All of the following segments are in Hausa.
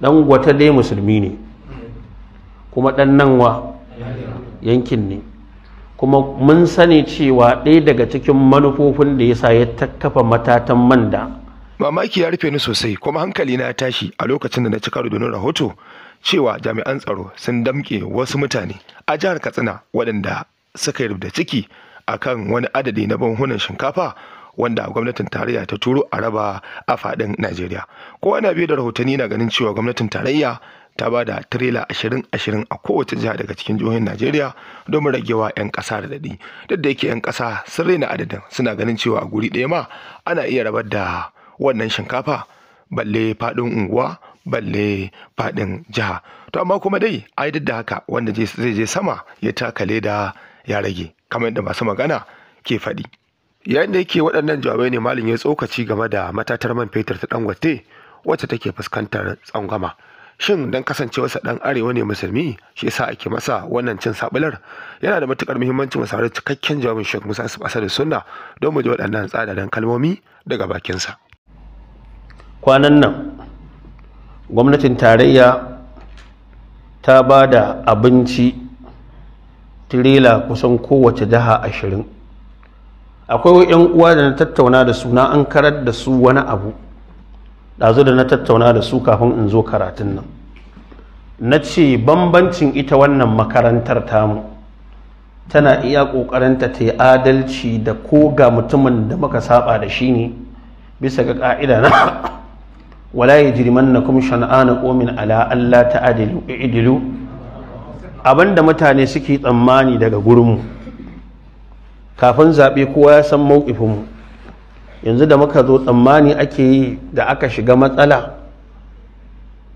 dan gwata dai musulmi ne kuma dan nan wa yankin ne kuma mun sani cewa ɗaya daga cikin manufofin da yasa ya takkafa matatan manda. mamaki ya rufe ni sosai kuma hankali na ya tashi a lokacin da na ci karo da rahoto cewa jami'an tsaro sun damke wasu mutane a jihar katsina waɗanda suka yi da ciki akan wani adadi na banhunan shinkafa wanda gwamnatin tarayya ta turo a raba a faɗin najeriya kowa na biyu da rahotanni na ganin cewa gwamnatin tarayya ta ba da tirela ashirin ashirin a kowace jiha daga cikin jihohin najeriya domin ragewa 'yan ƙasa da daɗi duk da yake 'yan ƙasa sun raina adadin suna ganin cewa a guri ɗaya ma ana iya rabar da wannan shinkafa balle faɗin unguwa balle faɗin jiha to amma kuma dai ai duk da haka wanda zai je sama ya taka leda ya rage kamar yadda masu magana ke faɗi yayin da yake waɗannan jawabai ne malin ya tsokaci game da matatar man fetur ta ɗan dangote wacce take fuskantar tsangwama shin dan kasancewarsa ɗan arewa ne musulmi shi yasa ake masa wannan cin sabular yana da matukar muhimmanci mu saurari cikakken jawabin Sheikh Musa Asad da Sunna don mu ji waɗannan tsadadan kalmomi daga bakinsa kwanan nan gwamnatin tarayya ta ba da abinci tirela kusan kowace jiha ashirin akwai yan uwa da na tattauna da su na an karar da su wani abu ɗazu da na tattauna da su kafin in zo karatun nan na ce bambancin ita wannan makarantar tamu tana iya ƙoƙarinta ta yi adalci da ko ga mutumin da muka saba da shi ne bisa ga ƙa'ida na wala ya jirman na kuma ana ƙomin ala Allah ta adilu abinda mutane suke tsammani daga gurinmu kafin zaɓe kowa ya san mawukifinmu yanzu da muka zo tsammani ake yi da aka shiga matsala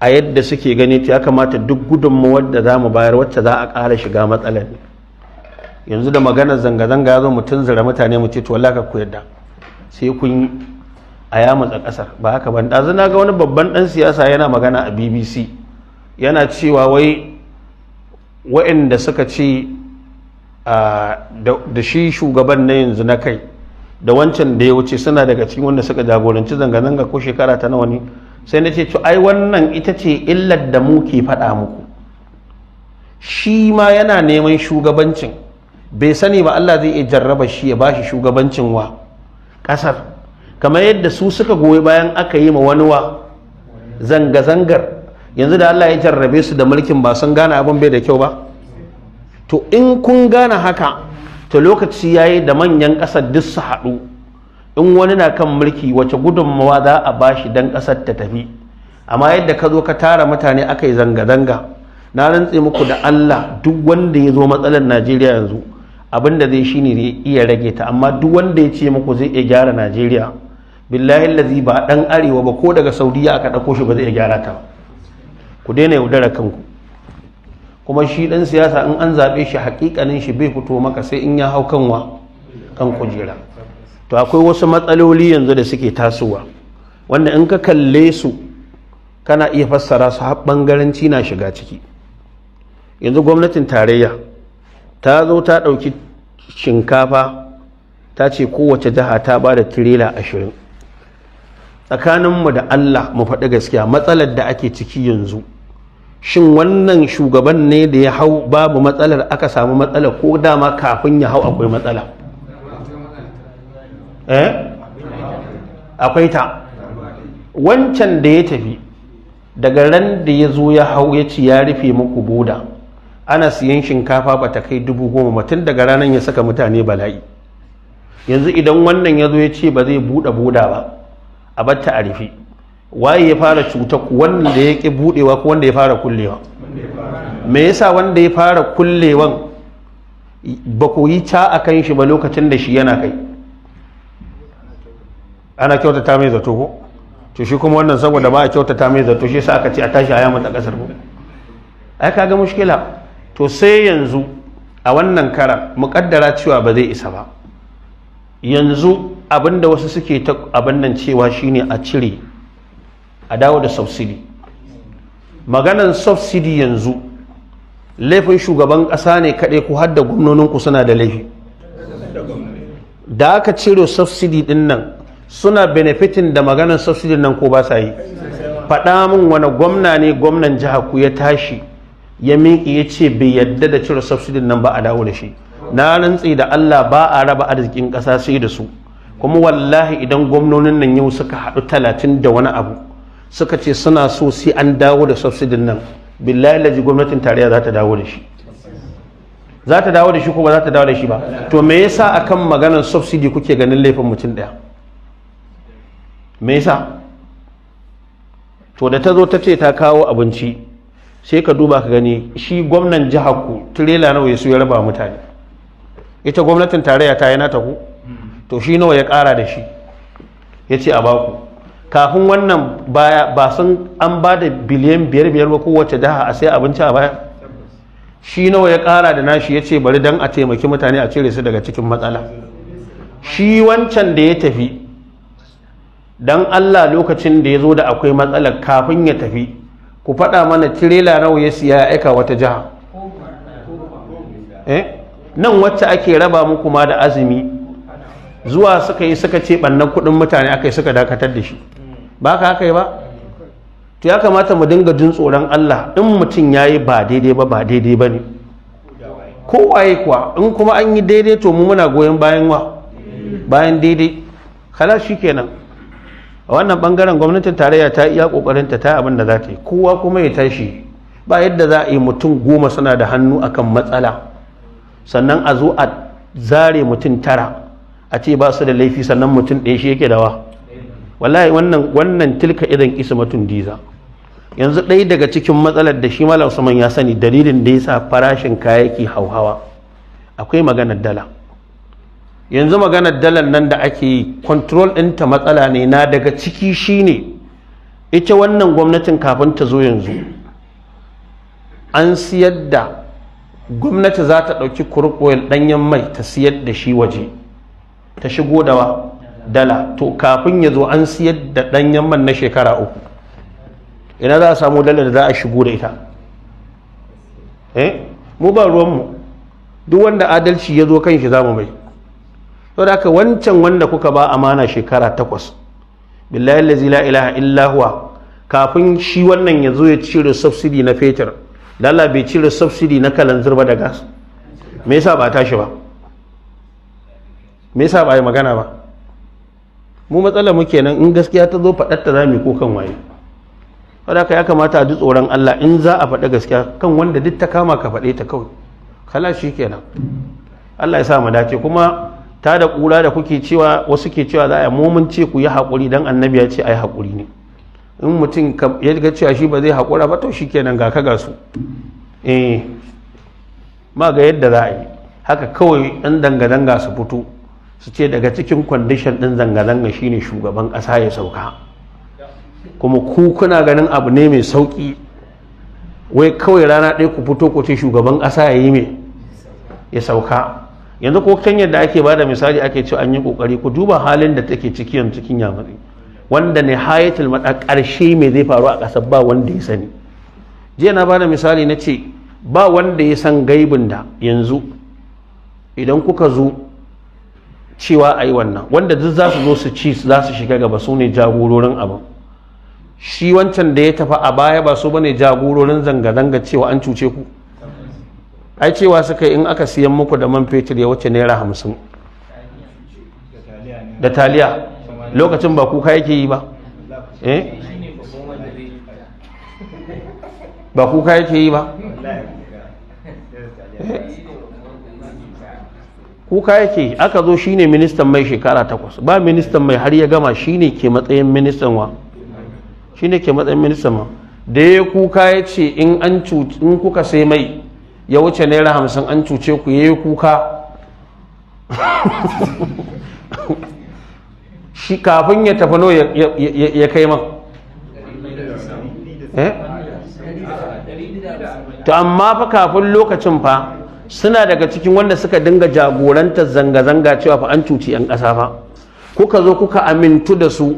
a yadda suke gani ta ya kamata duk gudunmawar da za mu bayar wacce za a ƙara shiga matsalar yanzu da maganar zanga-zanga ya zo mutum zira mutane mu ce to ka ku yadda sai kun a yamutsa ƙasar ba haka ban ɗazu na ga wani babban ɗan siyasa yana magana a bbc yana cewa wai waɗanda suka ce da shi shugaban na yanzu na kai da wancan da ya wuce suna daga cikin wanda suka jagoranci zanga-zanga ko shekara ta nawa ne sai na ce to ai wannan ita ce illar da mu ke faɗa muku shi ma yana neman shugabancin bai sani ba Allah zai iya jarraba shi ya bashi shugabancin wa ƙasar kamar yadda su suka goyi bayan aka yi ma wani wa zanga-zangar yanzu da Allah ya jarrabe su da mulkin ba sun gane abin bai da kyau ba to in kun gane haka to lokaci yayi da manyan ƙasar duk su haɗu in wani na kan mulki wace gudunmawa za a bashi dan ƙasar ta tafi amma yadda ka zo ka tara mutane aka yi zanga-zanga na rantse muku da Allah duk wanda ya zo matsalar Najeriya yanzu abin da zai shine ne iya rage ta amma duk wanda ya ce muku zai iya gyara Najeriya billahi allazi ba dan arewa ba ko daga Saudiya aka ɗauko shi ba zai iya gyara ta ku daina yaudara kanku kuma shi ɗan siyasa in an zaɓe shi haƙiƙanin shi bai fito maka sai in ya hau kanwa kan kujera to akwai wasu matsaloli yanzu da suke tasowa wanda in ka kalle su kana iya fassara su har na shiga ciki yanzu gwamnatin tarayya ta zo ta ɗauki shinkafa ta ce kowace jiha ta ba da tirela ashirin tsakaninmu da allah mu faɗi gaskiya matsalar da ake ciki yanzu shin wannan shugaban ne da ya hau babu matsalar aka samu matsalar ko dama kafin ya hau akwai matsala eh akwai ta wancan da ya tafi daga ran da ya zo ya hau ya ci ya rufe muku boda ana siyan shinkafa ba ta kai dubu goma mutum daga ranar ya saka mutane bala'i yanzu idan wannan ya zo ya ce ba zai buɗe boda ba a batta a rufe waye ya fara cuta wanda ya ki budewa ko wanda ya fara kullewa me yasa wanda ya fara kullewan ba ku yi ca a kan shi ba lokacin da shi yana kai ana kyautata mai zato ko to shi kuma wannan saboda ba a kyautata mai zato shi sa aka ce a tashi a yamata kasar ko ai kaga mushkila to sai yanzu a wannan kara mukaddara cewa ba zai isa ba yanzu abinda wasu suke ta abin nan cewa shine a cire a dawo da subsidi maganan subsidi yanzu laifin shugaban ƙasa ne kaɗai ku har da gwamnoninku suna da laifi da aka cire subsidi ɗin nan suna benefitin da maganan subsidi nan ko ba sa yi faɗa min wani gwamna ne gwamnan jiha ku ya tashi ya miƙi ya ce bai yadda da cire subsidi nan ba a dawo da shi na rantsi da Allah ba a raba arzikin ƙasa sai da su kuma wallahi idan gwamnonin nan yau suka haɗu talatin da wani abu suka ce suna so sai an dawo da subsidin nan billahi laji gwamnatin tarayya za ta dawo da shi za ta dawo da shi ko ba za ta dawo da shi ba to me yasa akan maganar subsidi kuke ganin laifin mutum daya me yasa to da ta zo ta ce ta kawo abinci sai ka duba ka gani shi gwamnan jihar ku tirela nawa ya suya raba mutane ita gwamnatin tarayya ta yi nata ku to shi nawa ya kara da shi ya ce a baku kafin wannan baya ba sun an ba da biliyan biyar biyar ba kowace jiha a sai abinci a baya shi nawa ya kara da nashi ya ce bari don a taimaki mutane a cire su daga cikin matsala shi wancan da ya tafi don allah lokacin da ya zo da akwai matsalar kafin ya tafi ku faɗa mana tirela nawa ya siya ya aika wata jiha eh? nan wacce ake raba muku ma da azumi zuwa suka yi suka ce ɓannan kuɗin mutane aka yi suka dakatar da shi ba ka haka yi ba to ya kamata mu dinga jin tsoron Allah in mutum ya yi ba daidai ba ba daidai ba ne waye kuwa in kuma an yi daidai to mu muna goyon bayan wa bayan daidai kala shi kenan a wannan bangaren gwamnatin tarayya ta iya kokarin ta abin da za ta yi kowa kuma ya tashi ba yadda za a yi mutum goma suna da hannu akan matsala sannan a zo a zare mutum tara a ce ba su da laifi sannan mutum ɗaya shi yake da wa. wallahi wannan wannan tilka idan ismatun diza yanzu ɗaya daga cikin matsalar da shi malam Usman ya sani dalilin da yasa farashin kaya kayayyaki hauhawa akwai maganar dala yanzu maganar dalar nan da ake yi control ɗinta matsala ne na daga ciki shine ita wannan gwamnatin kafin ta zo yanzu an siyar da gwamnati za ta ɗauki kurkoyar ɗanyen mai ta siyar da shi waje ta shigo da wa dala to kafin ya zo an siyar da ɗanyen man na shekara uku ina za a samu dala da za a shigo da ita eh mu ba ruwanmu duk wanda adalci ya zo kan shi zamu mai to da aka wancan wanda kuka ba amana shekara takwas billahi la ilaha illa kafin shi wannan ya zo ya cire subsidy na fetur lalla bai cire subsidy na kalanzir ba da gas me yasa ba tashi ba me yasa ba yi magana ba mu matsala mu kenan in gaskiya ta zo faɗar ta zami ko kan waye haka ya kamata a ji tsoron Allah in za a faɗa gaskiya kan wanda duk ta kama ka faɗe ta kawai kala shi kenan Allah ya sa mu dace kuma ta da kura da kuke cewa wasu ke cewa za a yi mun ce ku yi haƙuri dan annabi ya ce ai haƙuri ne in mutum ya ga cewa shi ba zai haƙura ba to shi kenan ga ka ga eh ma ga yadda za a yi haka kawai ɗan danga-danga su fito su ce daga cikin kwandishan ɗin zanga-zanga shine shugaban ƙasa ya sauka kuma ku kuna ganin abu ne mai sauƙi wai kawai rana ɗaya ku fito ku ce shugaban ƙasa ya yi mai ya sauka yanzu ko kan yadda ake bada misali ake ce an yi kokari ku duba halin da take ciki yanzu cikin yamuri wanda ne hayatul maɗa karshe mai zai faru a ƙasar? ba wanda ya sani jiya na bada misali na ce ba wanda ya san gaibin da yanzu idan kuka zo cewa a yi wannan wanda duk za su zo su ci za su shiga gaba su ne jagororin abin shi wancan da ya tafa a baya ba su ba ne jagororin zanga-zanga cewa an cuce ku ai cewa suka in aka siyan muku da man fetur ya wuce naira hamsin da taliya lokacin ba kuka yake yi ba eh? ba kuka yake yi ba eh? kuka yake aka zo shine ministan mai shekara takwas ba ministan mai har ya gama shine ke matsayin ministan wa shine ke matsayin ministan ma da ya kuka ya ce in an in kuka sai mai ya wuce naira hamsin an cuce ku ya yi kuka shi kafin ya tafi no ya kai man eh? to amma fa kafin lokacin fa suna daga cikin wanda suka dinga jagorantar zanga-zanga cewa fa an cuci 'yan kasa fa kuka zo kuka amintu da su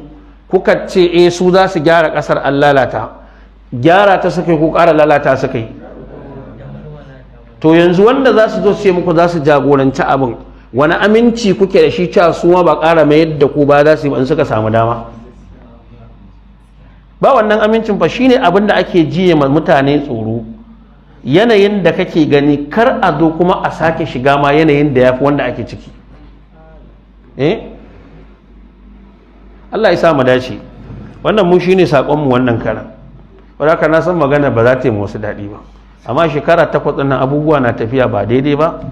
kuka ce e su za su gyara ƙasar an lalata gyara ta suka yi ko ƙara lalata suka yi to yanzu wanda za su zo su ce muku za su jagoranci abin wani aminci kuke da shi cewa su ma ba ƙara mai yadda ku ba za su yi in suka samu dama ba wannan amincin fa shine abin da ake jiye mutane tsoro yanayin da kake gani kar a zo kuma a sake shiga ma yanayin da ya fi wanda ake ciki eh Allah ya sa mu dace wannan mu shine sakon mu wannan karan wadaka na san magana ba za ta yi wasu daɗi ba amma shekara takwas ɗin abubuwa na tafiya ba daidai ba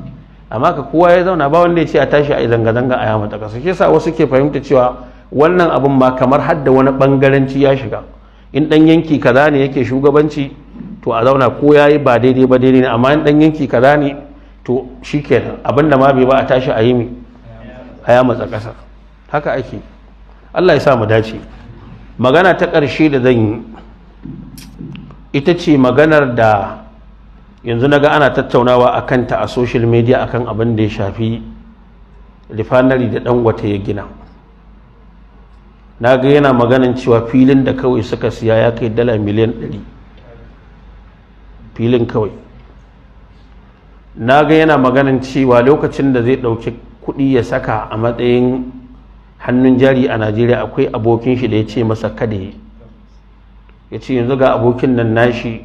amma ka kowa ya zauna ba wanda ya ce a tashi a zanga-zanga a yamata ƙasa shi yasa wasu ke fahimta cewa wannan abun ma kamar hadda wani ɓangaranci ya shiga in ɗan yanki kaza ne yake shugabanci to a zauna ko ya yi ba daidai ba daidai ne amma in dan yanki kaza ne to shi abinda ma bai ba a tashi a yi mi a ya matsa ƙasa haka ake allah ya sa mu dace magana ta ƙarshe da zan yi ita ce maganar da yanzu naga ana tattaunawa a kanta a social media akan abin da ya shafi rifanari da wata ya gina na ga yana maganin cewa filin da kawai suka siya ya kai dala miliyan 100 filin kawai na ga yana maganin cewa lokacin da zai ɗauki kuɗi ya saka a matsayin hannun jari a najeriya akwai abokin shi da ya ce masa kada ya ce yanzu ga abokin nan nashi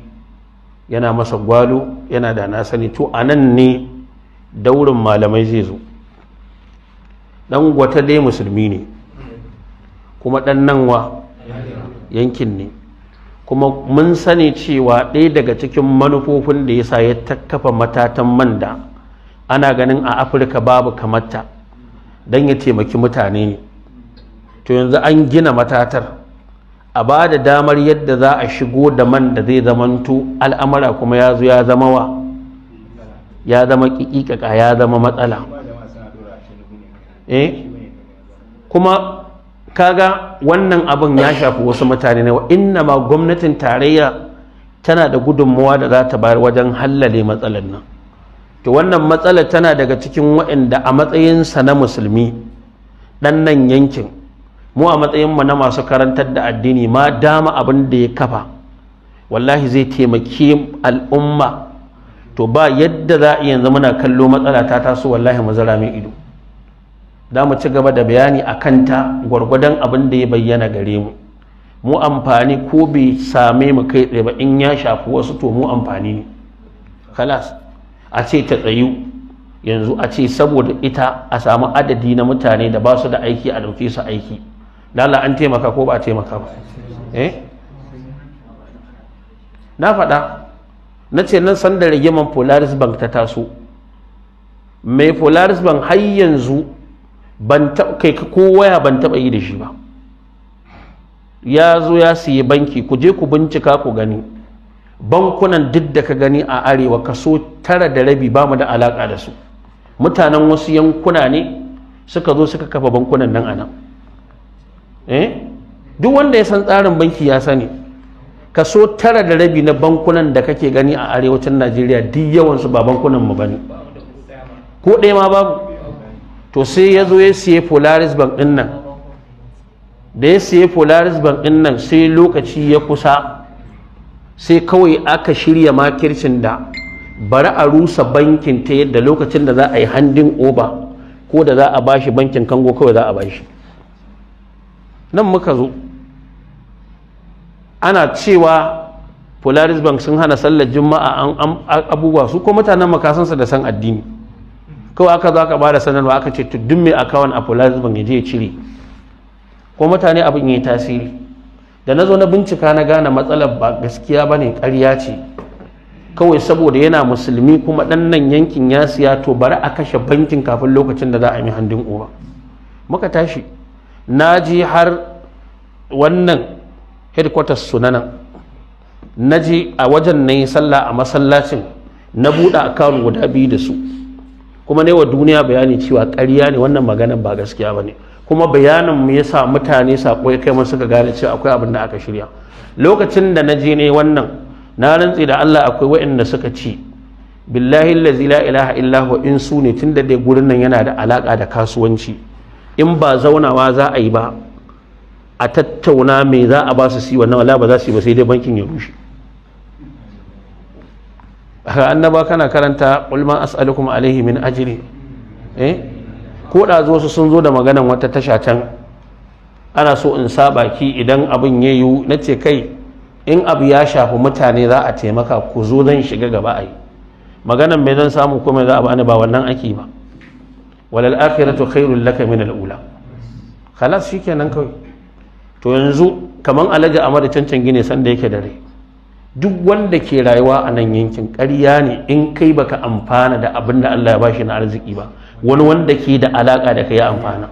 yana masa gwalo yana da na sani to a nan ne daurin malamai zai zo ɗan gwata dai musulmi ne kuma ɗan nan wa yankin ne kuma mun sani cewa ɗaya daga cikin manufofin da ya sa ya takkafa matatan man da ana ganin a afirka babu kamata don ya taimaki mutane ne to yanzu an gina matatar a ba da damar yadda za a shigo da man da zai zamanto al'amara kuma ya zo ya zama wa ya zama ƙiƙiƙaƙa ya zama matsala eh? kuma kaga wannan abin ya shafi wasu mutane ne inna ma gwamnatin tarayya tana da gudunmawa da za ta bayar wajen hallale matsalar nan to wannan matsalar tana daga cikin waɗanda a matsayinsa na musulmi ɗan nan yankin mu a matsayinmu na masu karantar da addini ma dama abin da ya kafa wallahi zai taimaki al'umma to ba yadda za a yanzu muna kallo matsala ta taso wallahi mu zara mai ido da mu ci gaba da bayani a kanta gwargwadon abin da ya bayyana gare mu mu amfani ko bai same mu kai tsaye ba in ya shafi wasu to mu amfani ne kalas a ce ta tsayu yanzu a ce saboda ita a samu adadi na mutane da ba su da aiki a ɗauke su aiki lalla an taimaka ko ba taimaka ba eh? na faɗa na ce nan sanda rigiman polaris bank ta taso mai polaris bank har yanzu ban kai ko waya ban taba yi da shi ba ya zo ya siye banki ku je ku bincika ku gani bankunan duk da ka gani a arewa kaso tara da rabi ba mu da alaka da su mutanen wasu yankuna ne suka zo suka kafa bankunan nan a nan. Eh? duk wanda ya san tsarin banki ya sani kaso tara da rabi na bankunan da kake gani a arewacin najeriya duk yawansu ba bankunan mu ne ko ɗaya ma babu to sai ya zo ya siye polaris bank ɗin nan da ya siye polaris bank ɗin nan sai lokaci ya kusa sai kawai aka shirya makircin da bari a rusa bankin ta yadda lokacin da za a yi handin oba ko da za a bashi bankin kango kawai za a bashi nan muka zo ana cewa polaris bank sun hana sallar juma'a an abubuwa su ko mutanen makasansa da san addini kawai aka zo aka bada sanarwa aka ce to duk mai akawun a plasma ya je ya cire ko mutane abin yi tasiri da na zo na bincika na gane matsalar ba gaskiya ba ne ƙarya ce kawai saboda yana musulmi kuma ɗan nan yankin ya siya to bari a kashe bankin kafin lokacin da za a yi handin uwa muka tashi na ji har wannan headquarters su na nan na ji a wajen na yi sallah a masallacin na buɗe akawun guda biyu da su kuma ne wa duniya bayani cewa ƙarya ne wannan maganan ba gaskiya ba ne kuma bayanin mu yasa mutane sako ya kai mun suka gane cewa akwai abin da aka shirya lokacin da na je ne wannan na rantsi da Allah akwai waɗanda suka ci billahi allazi la ilaha illa huwa in su ne tunda dai gurin nan yana da alaka da kasuwanci in ba zaunawa za a yi ba a tattauna me za a ba su si wannan wala ba za su yi ba sai dai bankin ya rushe annaba kana karanta ulma as'alukum alaihi min ajri eh ko da zo su sun zo da maganan wata tasha can ana so in saba ki idan abun ya na ce kai in abu ya shafi mutane za a taimaka ku zo zan shiga gaba ai maganan mai zan samu ko mai za a bani ba wannan ake ba walal akhiratu khairul laka min al ula khalas shikenan kawai to yanzu kaman alaji amara cancan gine san da yake dare duk wanda ke rayuwa a nan yankin ƙarya ne in kai baka amfana da abin da Allah ya bashi na arziki ba wani wanda ke da alaka da kai ya amfana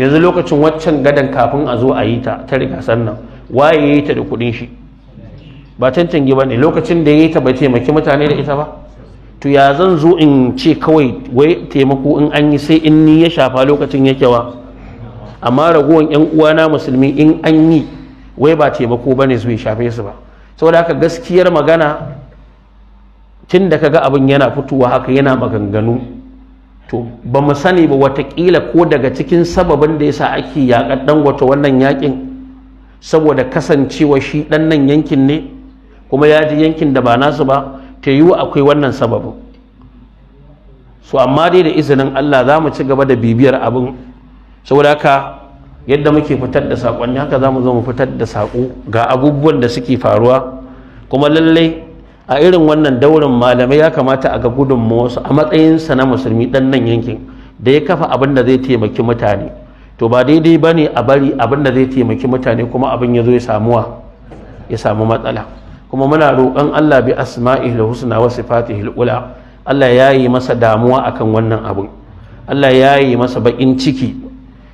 yanzu lokacin waccan gadan kafin a zo a yi ta ta riga sannan waye ya yi ta da kuɗin shi ba cancanci ba ne lokacin da ya yi ta bai taimaki mutane da ita ba to ya zan zo in ce kawai wai taimako in an yi sai in ni ya shafa lokacin yake wa amma ragowar 'yan uwana musulmi in an yi wai ba taimako ba ne su bai shafe su ba saboda haka gaskiyar magana tun da kaga abin yana fitowa haka yana maganganu to ba mu sani ba watakila ko daga cikin sababin da yasa ake yaƙar dangwata wannan yaƙin saboda kasancewa shi ɗan nan yankin ne kuma ya ji yankin da ba nasu ba ta yiwu akwai wannan sababin su amma dai da izinin Allah za mu ci gaba da bibiyar abin saboda haka yadda muke fitar da saƙonni haka za mu zo mu fitar da saƙo ga abubuwan da suke faruwa kuma lallai a irin wannan daurin malamai ya kamata a ga gudunmawarsu a matsayinsa na musulmi ɗan nan yankin da ya kafa abin da zai taimaki mutane to ba daidai ba ne a bari abin da zai taimaki mutane kuma abin ya zo ya samuwa ya samu matsala kuma muna roƙon Allah bi da husna wa fati ula Allah ya yi masa damuwa akan wannan abu. Allah ya yi masa baƙin ciki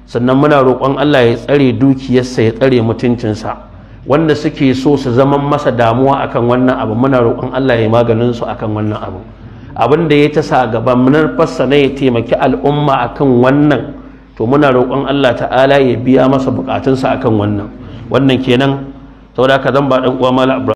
sannan muna roƙon Allah ya tsare dukiyarsa ya tsare mutuncinsa wanda suke so su zama masa damuwa akan wannan abu muna roƙon Allah ya maganin su akan wannan abu abin da ya ta sa gaba munar fassa na ya taimaki al'umma akan wannan to muna roƙon Allah ta'ala ya biya masa bukatunsa akan wannan wannan kenan saboda haka zan ba dan uwa